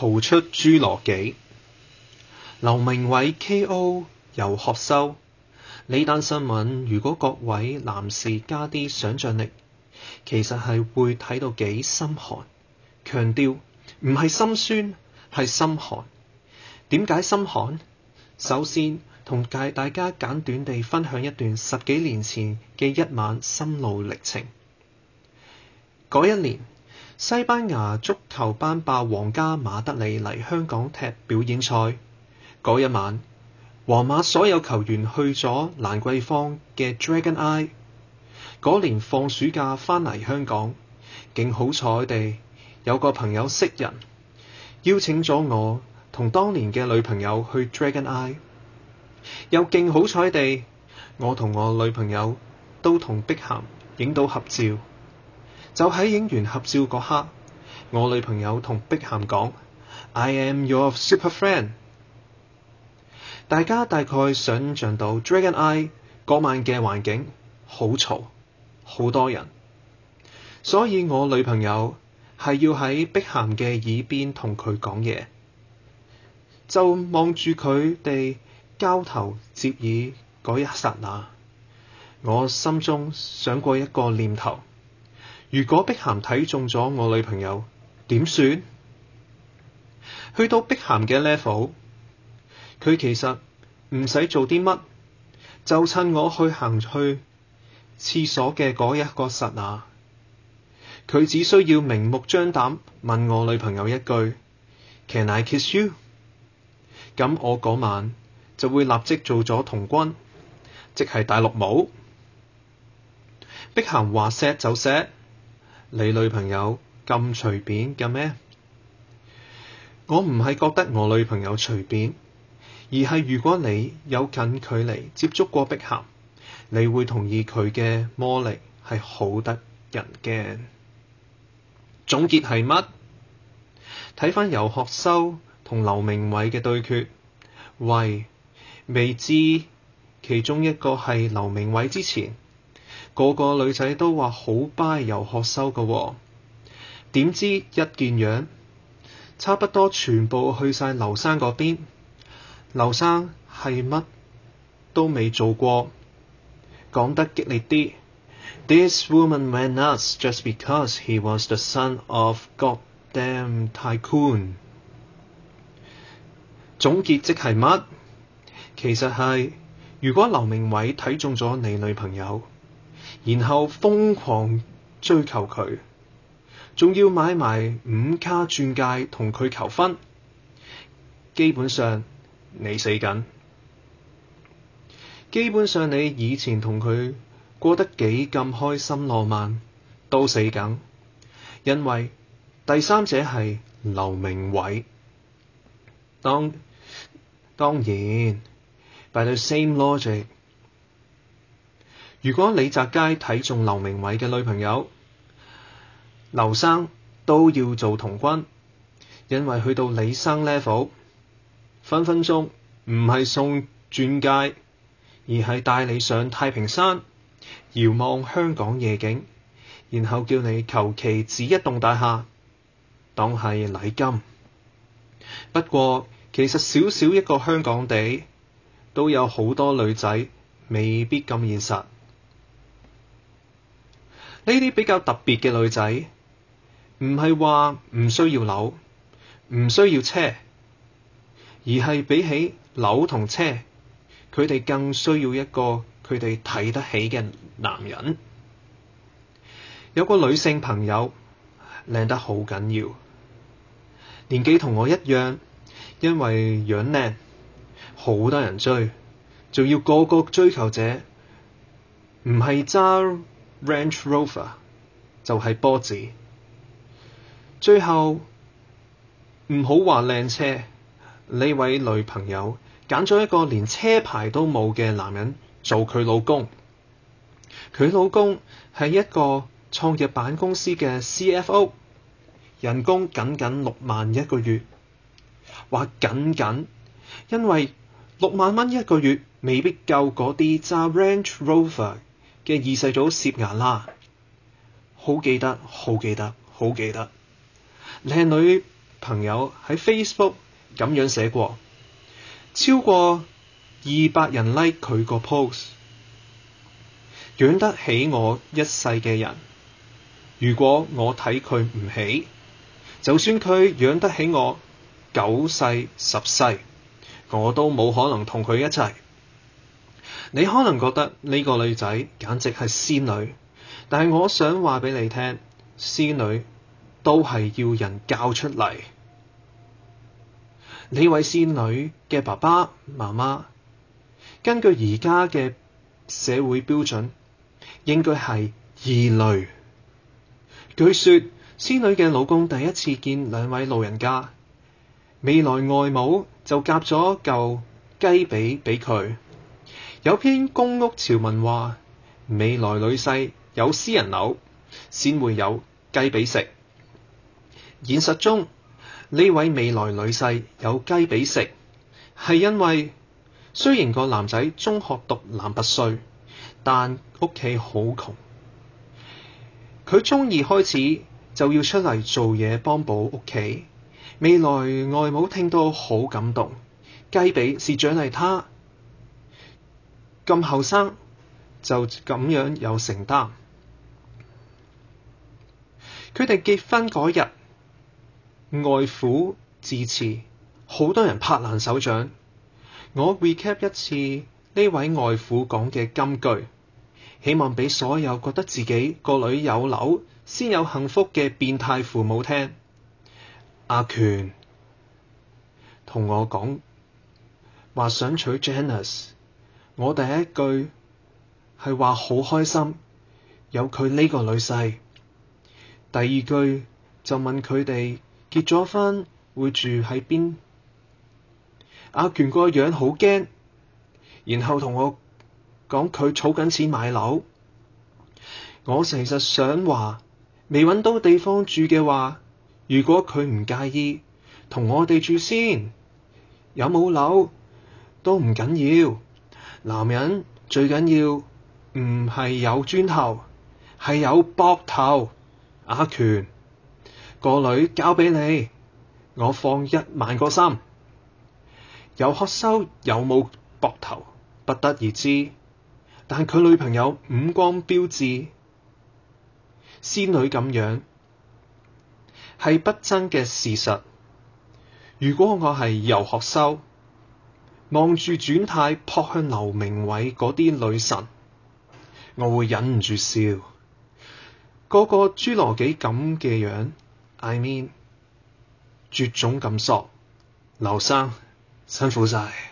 逃出侏羅紀，劉明偉 K.O. 游學修呢單新聞，如果各位男士加啲想象力，其實係會睇到幾心寒。強調唔係心酸，係心寒。點解心寒？首先同大家簡短地分享一段十幾年前嘅一晚心路歷程。嗰一年。西班牙足球班霸皇家馬德里嚟香港踢表演賽嗰一晚，皇馬所有球員去咗蘭桂坊嘅 Dragon Eye。嗰年放暑假返嚟香港，勁好彩地有個朋友識人，邀請咗我同當年嘅女朋友去 Dragon Eye。又勁好彩地，我同我女朋友都同碧咸影到合照。就喺影完合照嗰刻，我女朋友同碧咸講，I am your super friend。大家大概想象到 Dragon Eye 嗰晚嘅環境好嘈，好多人，所以我女朋友係要喺碧咸嘅耳邊同佢講嘢。就望住佢哋交頭接耳嗰一剎那，我心中想過一個念頭。如果碧咸睇中咗我女朋友，點算？去到碧咸嘅 level，佢其實唔使做啲乜，就趁我去行去廁所嘅嗰一個剎那，佢只需要明目張膽問我女朋友一句 Can I kiss you？咁我嗰晚就會立即做咗童軍，即係大綠帽。碧咸話錫就錫。你女朋友咁隨便嘅咩？我唔係覺得我女朋友隨便，而係如果你有近距離接觸過碧咸，你會同意佢嘅魔力係好得人驚。總結係乜？睇返遊學修同劉明偉嘅對決，喂，未知其中一個係劉明偉之前。個個女仔都話好拜遊學修㗎喎，點知一見樣，差不多全部去晒劉生嗰邊。劉生係乜都未做過，講得激烈啲，This woman went nuts just because he was the son of goddamn tycoon。總結即係乜？其實係如果劉明偉睇中咗你女朋友。然後瘋狂追求佢，仲要買埋五卡鑽戒同佢求婚，基本上你死緊，基本上你以前同佢過得幾咁開心浪漫都死緊，因為第三者係劉明偉。當當然，by the same logic。如果李澤楷睇中劉明偉嘅女朋友，劉生都要做童軍，因為去到李生 level，分分鐘唔係送鑽戒，而係帶你上太平山，遙望香港夜景，然後叫你求其指一棟大廈當係禮金。不過其實小小一個香港地，都有好多女仔未必咁現實。呢啲比較特別嘅女仔，唔係話唔需要樓，唔需要車，而係比起樓同車，佢哋更需要一個佢哋睇得起嘅男人。有個女性朋友，靚得好緊要，年紀同我一樣，因為樣靚，好多人追，仲要個個追求者，唔係渣 Range Rover 就係波子。最後唔好話靚車，呢位女朋友揀咗一個連車牌都冇嘅男人做佢老公，佢老公係一個創業板公司嘅 CFO，人工僅僅六萬一個月，話僅僅，因為六萬蚊一個月未必夠嗰啲揸 Range Rover。嘅二世祖涉牙啦。好記得，好記得，好記得。靚女朋友喺 Facebook 咁樣寫過，超過二百人 like 佢個 post，養得起我一世嘅人，如果我睇佢唔起，就算佢養得起我九世十世，我都冇可能同佢一齊。你可能覺得呢個女仔簡直係仙女，但係我想話俾你聽，仙女都係要人教出嚟。呢位仙女嘅爸爸媽媽，根據而家嘅社會標準，應該係異類。據說，仙女嘅老公第一次見兩位老人家，未來外母就夾咗嚿雞髀俾佢。有篇公屋潮文話，未來女婿，有私人樓，先會有雞髀食。現實中呢位未來女婿有雞髀食，係因為雖然個男仔中學讀男拔萃，但屋企好窮。佢中二開始就要出嚟做嘢幫補屋企。未來外母聽到好感動，雞髀是獎勵他。咁後生就咁樣有承擔，佢哋結婚嗰日，外父致辭，好多人拍爛手掌。我 recap 一次呢位外父講嘅金句，希望俾所有覺得自己個女有樓先有幸福嘅變態父母聽。阿權同我講話想娶 Janice。我第一句係話好開心有佢呢個女婿。第二句就問佢哋結咗婚會住喺邊？阿權個樣好驚，然後同我講佢儲緊錢買樓。我其實想話未揾到地方住嘅話，如果佢唔介意，同我哋住先，有冇樓都唔緊要。男人最緊要唔係有磚頭，係有膊頭、阿、啊、拳。個女交俾你，我放一萬個心。游學修有冇膊頭不得而知，但佢女朋友五官標緻，仙女咁樣，係不爭嘅事實如果我係游學修。望住轉態撲向劉明偉嗰啲女神，我會忍唔住笑，個個侏羅紀咁嘅樣，樣，I mean 絕種咁索，劉生辛苦晒。